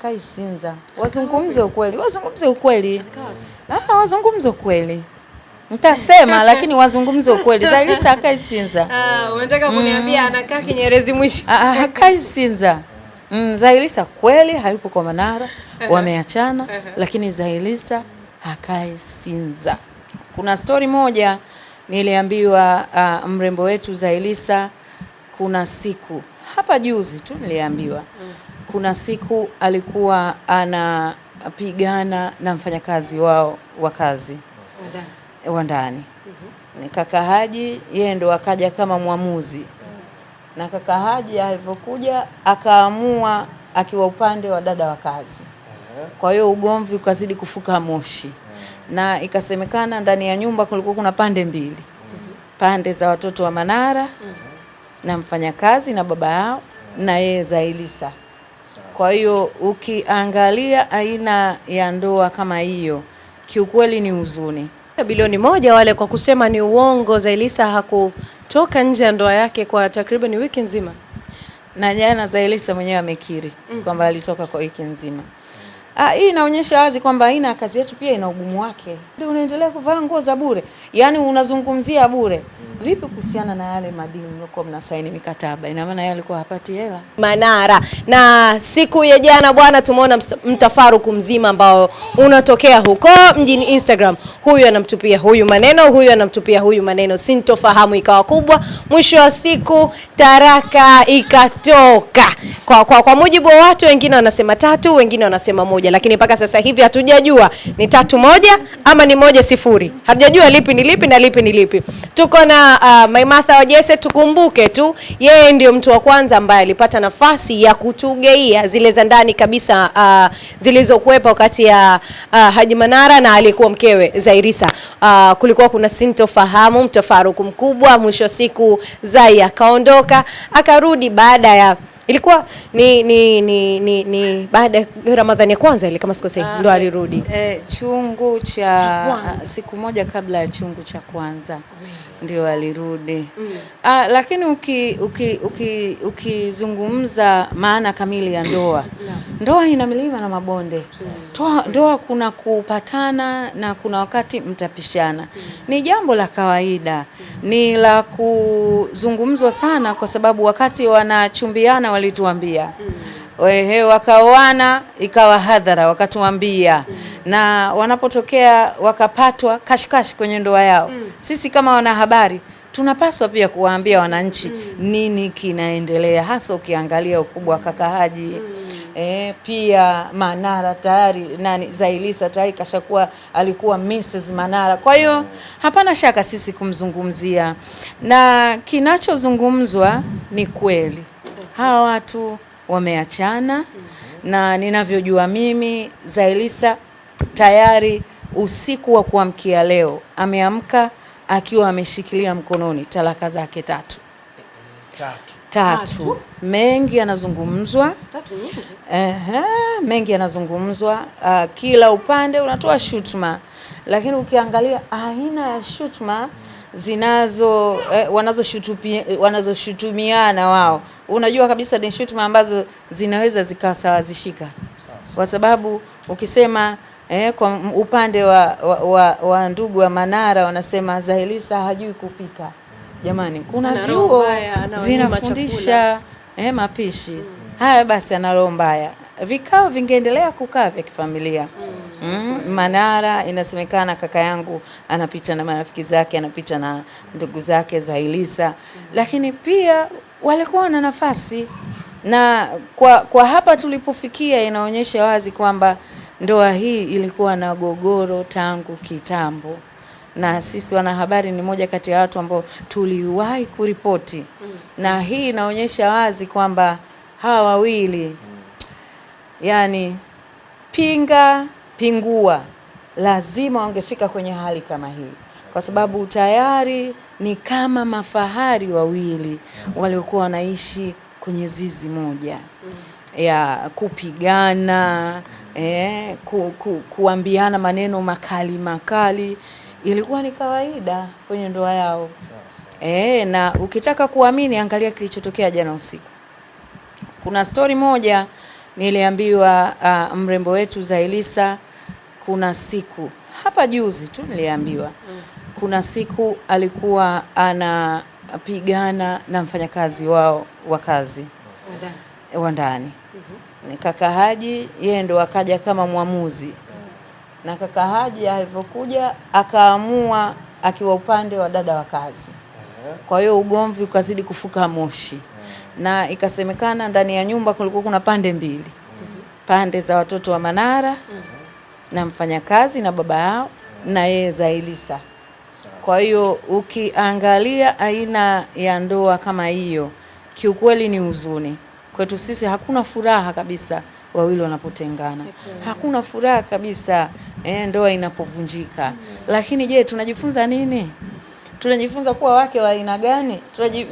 Kai Sinza wazungumze ukweli, wazungumze ukweli, ah, wazungumze ukweli. Nitasema lakini wazungumze ukweli. zailisa hakai Sinza. Ah, unataka kuniambia mm. anakaa Kinyerezi mwisho? Ah, hakai ah, Sinza. Mm, Zailisa kweli hayupo kwa Manara, wameachana lakini zailisa hakai Sinza. Kuna stori moja niliambiwa, uh, mrembo wetu zailisa kuna siku hapa juzi tu niliambiwa mm kuna siku alikuwa anapigana na mfanyakazi wao wa kazi wa ndani mm-hmm. kaka Haji, yeye ndo akaja kama mwamuzi, mm. na kaka Haji alivyokuja akaamua akiwa upande wa dada wa kazi. Eh. Kwa hiyo ugomvi ukazidi kufuka moshi, mm. na ikasemekana ndani ya nyumba kulikuwa kuna pande mbili, mm-hmm. pande za watoto wa Manara mm-hmm. na mfanyakazi na baba yao mm. na yeye Zailisa. Kwa hiyo ukiangalia aina ya ndoa kama hiyo, kiukweli ni huzuni. Bilioni moja wale kwa kusema ni uongo. Zailisa hakutoka nje ya ndoa yake kwa takriban wiki nzima, na jana Zailisa mwenyewe amekiri mm, kwamba alitoka kwa wiki nzima. Ah, hii inaonyesha wazi kwamba aina ya kazi yetu pia ina ugumu wake. Ndio unaendelea kuvaa nguo za bure, yaani unazungumzia bure. Vipi kuhusiana na yale madini mliokuwa mnasaini mikataba? Ina maana yeye alikuwa hapati hela Manara. Na siku ya jana bwana, tumeona mtafaruku mzima ambao unatokea huko mjini Instagram, huyu anamtupia huyu maneno, huyu anamtupia huyu maneno, sintofahamu ikawa kubwa, mwisho wa siku taraka ikatoka kwa, kwa, kwa mujibu wa watu wengine wanasema tatu, wengine wanasema moja moja, lakini mpaka sasa hivi hatujajua ni tatu moja ama ni moja sifuri. Hatujajua lipi ni lipi na lipi ni lipi. Tuko na uh, Maimartha Wajese, tukumbuke tu yeye ndio mtu wa kwanza ambaye alipata nafasi ya kutugeia zile za ndani kabisa uh, zilizokuwepo kati ya uh, Haji Manara na aliyekuwa mkewe Zairisa. Uh, kulikuwa kuna sintofahamu, mtafaruku mkubwa, mwisho siku Zai akaondoka akarudi baada ya Ilikuwa ni ni ni, ni, ni baada ya Ramadhani ya kwanza ile kama sikosei, ah, ndo eh, alirudi eh, chungu cha, cha siku moja kabla ya chungu cha kwanza ndio alirudi mm. Ah, lakini ukizungumza uki, uki, uki maana kamili ya ndoa no. Ndoa ina milima na mabonde mm. Toa, ndoa kuna kupatana na kuna wakati mtapishana mm. Ni jambo la kawaida mm. Ni la kuzungumzwa sana kwa sababu wakati wanachumbiana walituambia mm. Wehe, wakaoana ikawa hadhara wakatuambia mm na wanapotokea wakapatwa kashikashi kwenye ndoa yao mm. Sisi kama wanahabari tunapaswa pia kuwaambia wananchi mm. nini kinaendelea, hasa ukiangalia ukubwa wa kaka Haji mm. E, pia Manara tayari nani Zailisa tayari kashakuwa alikuwa Mrs Manara. Kwa hiyo hapana shaka sisi kumzungumzia, na kinachozungumzwa ni kweli, hawa watu wameachana, mm. na ninavyojua mimi Zailisa tayari usiku wa kuamkia leo ameamka akiwa ameshikilia mkononi talaka zake tatu. Tatu. Tatu. Tatu. Mengi yanazungumzwa. Tatu nyingi. Aha, mengi yanazungumzwa. Uh, kila upande unatoa shutuma, lakini ukiangalia aina ya shutuma zinazo eh, wanazoshutumiana wao, unajua kabisa ni shutuma ambazo zinaweza zikasawazishika, kwa sababu ukisema Eh, kwa upande wa, wa, wa, wa ndugu wa Manara wanasema Zahilisa hajui kupika. Jamani, kuna vyuo vinafundisha eh, mapishi mm. Haya basi, ana roho mbaya, vikao vingeendelea kukaa vya kifamilia mm. Mm. Manara inasemekana kaka yangu anapita na marafiki zake, anapita na ndugu zake Zahilisa mm. Lakini pia walikuwa na nafasi na kwa, kwa hapa tulipofikia inaonyesha wazi kwamba ndoa hii ilikuwa na gogoro tangu kitambo, na sisi wanahabari ni moja kati ya watu ambao tuliwahi kuripoti na hii inaonyesha wazi kwamba hawa wawili yani pinga pingua, lazima wangefika kwenye hali kama hii, kwa sababu tayari ni kama mafahari wawili waliokuwa wanaishi kwenye zizi moja ya kupigana eh, ku, ku, kuambiana maneno makali makali ilikuwa ni kawaida kwenye ndoa yao. Eh, na ukitaka kuamini angalia kilichotokea jana usiku. Kuna stori moja niliambiwa, uh, mrembo wetu Zailisa, kuna siku hapa juzi tu niliambiwa mm. kuna siku alikuwa anapigana na mfanyakazi wao wa kazi wa ndani. Mm-hmm ni kaka Haji, yeye ndo akaja kama mwamuzi, na kaka Haji alivyokuja akaamua akiwa upande wa dada wa kazi. Kwa hiyo ugomvi ukazidi kufuka moshi, na ikasemekana ndani ya nyumba kulikuwa kuna pande mbili, pande za watoto wa Manara na mfanyakazi na baba yao na yeye Zailisa. Kwa hiyo ukiangalia aina ya ndoa kama hiyo, kiukweli ni huzuni kwetu sisi hakuna furaha kabisa wawili wanapotengana, hakuna furaha kabisa eh, ndoa inapovunjika. Lakini je, tunajifunza nini? Tunajifunza kuwa wake wa aina gani?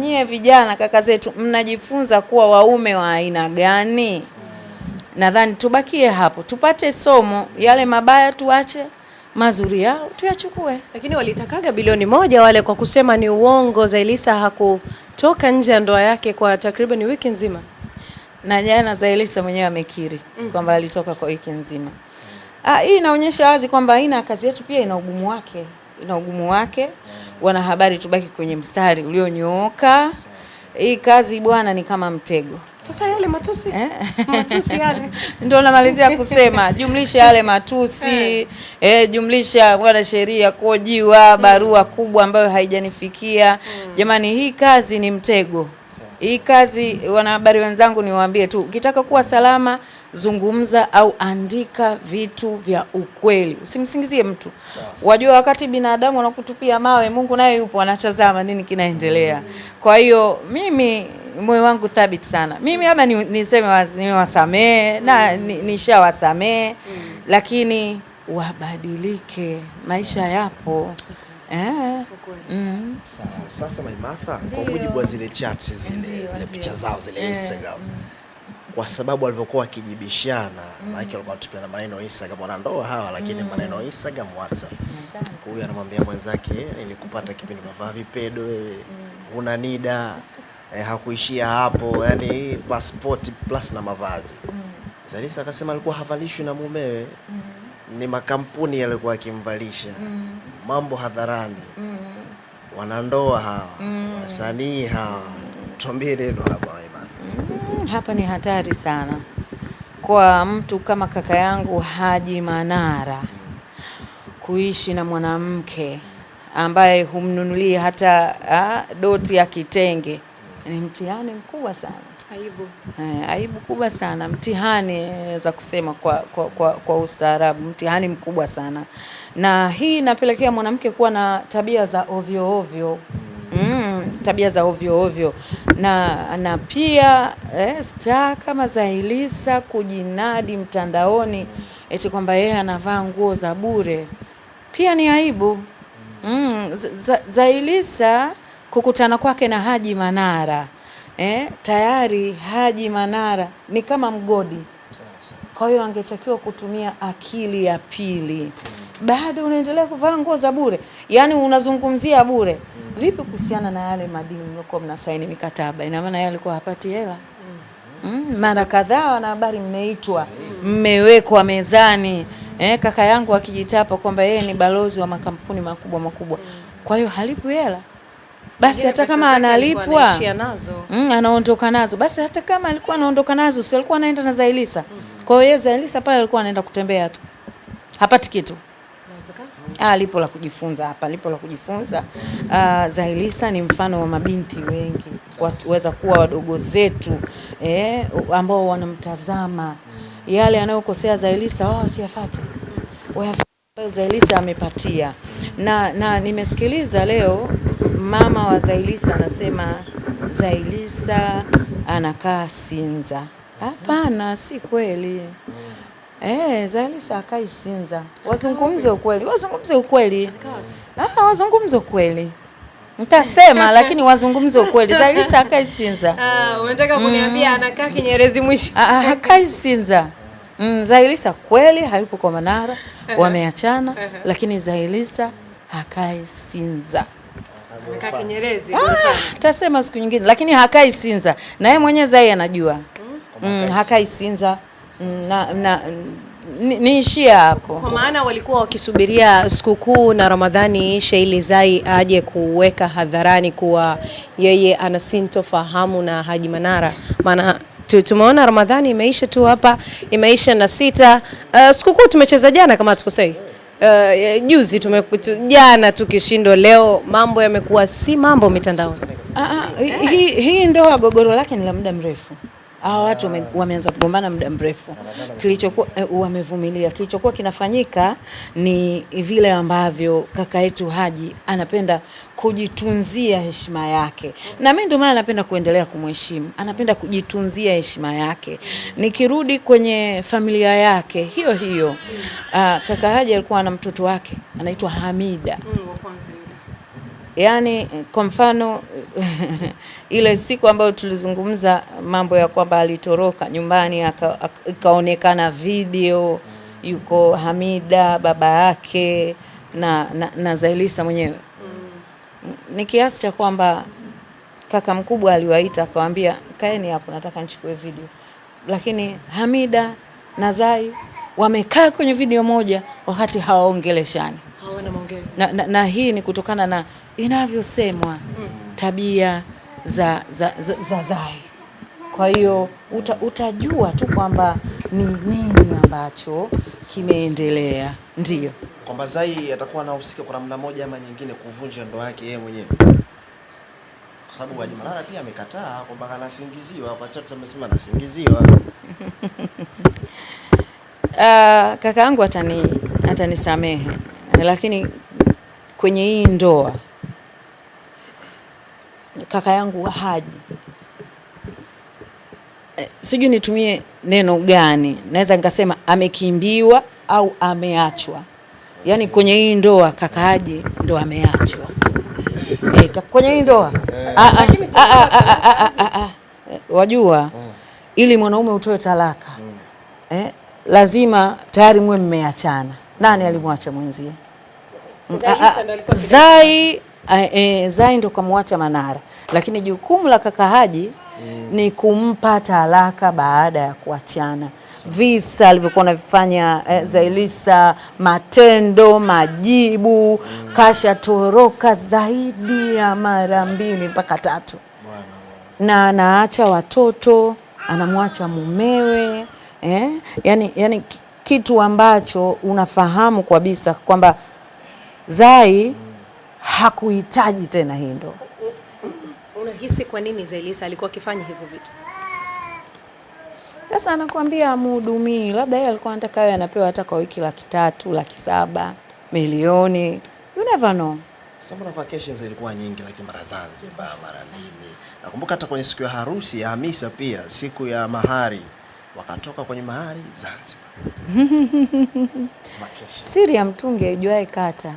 Nyie vijana kaka zetu, mnajifunza kuwa waume wa aina gani? Nadhani tubakie hapo, tupate somo. Yale mabaya tuache, mazuri yao tuyachukue. Lakini walitakaga bilioni moja wale kwa kusema ni uongo. Zailisa hakutoka nje ya ndoa yake kwa takriban wiki nzima na jana Zailisa mwenyewe amekiri mm. kwamba alitoka kwa wiki nzima. Ah, hii inaonyesha wazi kwamba aina ya kazi yetu pia ina ugumu wake, ina ugumu wake. Mm. Wanahabari, tubaki kwenye mstari ulionyooka. Hii kazi bwana ni kama mtego. Sasa yale matusi eh? matusi yale ndio namalizia kusema, jumlisha yale matusi eh, eh jumlisha sheria kuojiwa barua mm. kubwa ambayo haijanifikia mm. Jamani, hii kazi ni mtego. Hii kazi wanahabari wenzangu, niwaambie tu, ukitaka kuwa salama, zungumza au andika vitu vya ukweli, usimsingizie mtu. Wajua, wakati binadamu wanakutupia mawe, Mungu naye yupo anatazama nini kinaendelea. Mm. Kwa hiyo mimi moyo wangu thabiti sana. Mimi labda ni, niseme was, niwasamehe na mm. nishawasamehe, mm. lakini wabadilike, maisha yapo. Eh. Mm. Sasa Maimartha, kwa mujibu wa zile chats zile zile picha zao zile eh, Instagram mm. kwa sababu walivyokuwa wakijibishana mm. Maana walikuwa na maneno Instagram, ndoa hawa, lakini mm. maneno Instagram, WhatsApp. Huyu anamwambia mwenzake, eh, nilikupata kipindi unavaa vipedo wewe, eh, mm. una nida eh, hakuishia hapo, yani passport plus na mavazi mm. Zalisa akasema alikuwa havalishwi na mumewe mm. ni makampuni yalikuwa akimvalisha mm mambo hadharani mm. Wanandoa hawa mm. wasanii hawa, tuambie neno hapa Aiman. Mm, mm-hmm. hapa ni hatari sana kwa mtu kama kaka yangu Haji Manara kuishi na mwanamke ambaye humnunulia hata ha, ah, doti ya kitenge ni mtihani mkubwa sana aibu, eh, aibu kubwa sana, mtihani eh, za kusema kwa, kwa, kwa, kwa ustaarabu, mtihani mkubwa sana, na hii inapelekea mwanamke kuwa na tabia za ovyo ovyo mm, tabia za ovyo ovyo na, na pia eh, sta kama za kujinadi mtandaoni eti kwamba yeye anavaa nguo za bure pia ni aibu mm, za, za kukutana kwake na Haji Manara eh, tayari Haji Manara ni kama mgodi, kwa hiyo angetakiwa kutumia akili ya pili. Hmm. Bado unaendelea kuvaa nguo za bure, yaani unazungumzia bure. Hmm. Vipi kuhusiana na yale madini mliokuwa mnasaini mikataba? Ina maana yeye alikuwa hapati hela. Mm, mara kadhaa wanahabari mmeitwa, mmewekwa mezani. Eh, kaka yangu akijitapa kwamba yeye ni balozi wa makampuni makubwa makubwa, kwa hiyo halipu hela basi hata kama analipwa mm, anaondoka nazo basi. Hata kama alikuwa anaondoka nazo, si alikuwa anaenda na Zailisa? Mm-hmm. Kwa hiyo Zailisa pale alikuwa anaenda kutembea tu, hapati kitu. Ah, lipo la kujifunza hapa, lipo la kujifunza. Uh, Zailisa ni mfano wa mabinti wengi kuweza kuwa wadogo zetu eh, ambao wanamtazama mm. yale anayokosea Zailisa, wao wasiyafate mm. wayafate ambayo Zailisa amepatia, mm. na na nimesikiliza leo mama wa Zailisa anasema Zailisa anakaa Sinza. Hapana, si kweli. Eh, Zailisa akai Sinza. Wazungumze ukweli, wazungumze ukweli. Ah, wazungumze ukweli. Nitasema lakini wazungumze ukweli. Zailisa akai Sinza. Ah, unataka kuniambia mm, anakaa Kinyerezi mwisho. Ah, ah akai Sinza. Mm, Zailisa kweli hayupo kwa Manara, wameachana, lakini Zailisa akai Sinza. Ah, tasema siku nyingine, lakini hakai Sinza na yeye mwenyewe Zai anajua mm, hakai Sinza mm, na, na niishia hapo, kwa maana walikuwa wakisubiria sikukuu na Ramadhani ishe ili Zai aje kuweka hadharani kuwa yeye ana sintofahamu na Haji Manara, maana tumeona Ramadhani imeisha tu hapa, imeisha na sita. Uh, sikukuu tumecheza jana kama tukosei uh, juzi tumekutu, jana tukishindo, leo mambo yamekuwa si mambo mitandaoni. Hii ah, ah, hi, hi ndoa gogoro lake ni la muda mrefu hawa watu wameanza kugombana muda mrefu. Kilichokuwa eh, wamevumilia, kilichokuwa kinafanyika ni vile ambavyo kaka yetu Haji anapenda kujitunzia heshima yake, na mimi ndio maana anapenda kuendelea kumheshimu, anapenda kujitunzia heshima yake. Nikirudi kwenye familia yake hiyo hiyo, ah, kaka Haji alikuwa na mtoto wake anaitwa Hamida. Yaani, kwa mfano ile siku ambayo tulizungumza mambo ya kwamba alitoroka nyumbani ikaonekana video yuko Hamida baba yake na, na, na Zailisa mwenyewe mm. Ni kiasi cha kwamba kaka mkubwa aliwaita akawaambia, kaeni hapo, nataka nichukue video, lakini Hamida na Zai wamekaa kwenye video moja wakati hawaongeleshani na, na, na hii ni kutokana na inavyosemwa tabia za, za, za, za Zai. Kwa hiyo uta, utajua tu kwamba ni nini ambacho kimeendelea, ndio kwamba Zai atakuwa anahusika kwa namna moja ama nyingine kuvunja ndoa yake yeye mwenyewe, kwa sababu Haji Manara pia amekataa kwamba anasingiziwa kwa chat, amesema anasingiziwa. Uh, ah, kakaangu atani atanisamehe, lakini kwenye hii ndoa kaka yangu haji, eh, sijui nitumie neno gani, naweza nikasema amekimbiwa au ameachwa. yani kwenye hii ndoa kaka haji ndo ameachwa e, kwenye hii ndoa wajua, hmm. ili mwanaume utoe talaka hmm. eh, lazima tayari mwe mmeachana. Nani alimwacha mwenzie? Zai e, Zai ndo kamwacha Manara, lakini jukumu la kaka Haji mm. ni kumpa talaka baada ya kuachana visa alivyokuwa anavifanya eh, mm. Zailisa, matendo majibu mm. kasha toroka zaidi ya mara mbili mpaka tatu na anaacha watoto anamwacha mumewe eh? Yani, yani kitu ambacho unafahamu kabisa kwamba Zai mm hakuhitaji tena hii ndoa. Unahisi kwa nini Zailisa alikuwa akifanya hivyo vitu? Sasa anakuambia amuhudumii, labda yeye alikuwa anataka awe anapewa hata kwa wiki laki tatu, laki saba, milioni, you never know. Sasa na vacations zilikuwa nyingi, lakini mara Zanzibar, mara nini. Nakumbuka hata kwenye siku ya harusi ya Hamisa, pia siku ya mahari wakatoka kwenye mahari Zanzibar. Siri ya mtungi aijuae kata.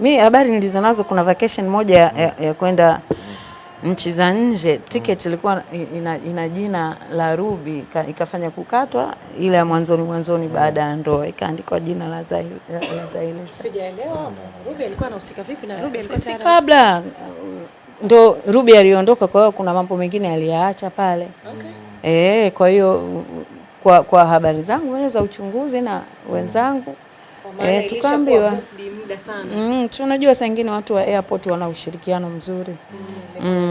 Mi habari nilizonazo kuna vacation moja mm. ya, ya kwenda nchi za nje tiketi mm. ilikuwa ina, ina jina la Ruby ikafanya kukatwa, ile ya mwanzoni mwanzoni mm. baada ya ndoa ikaandikwa jina la Zailisa. Sijaelewa Ruby alikuwa anahusika vipi na Ruby alikuwa si kabla ndo Ruby aliondoka, kwa hiyo kuna mambo mengine aliyaacha pale okay. E, kwa hiyo kwa, kwa habari zangu za uchunguzi na mm. wenzangu mm. Eh, tukaambiwa mm, tunajua saa ingine watu wa airport wana ushirikiano mzuri Mm. mm.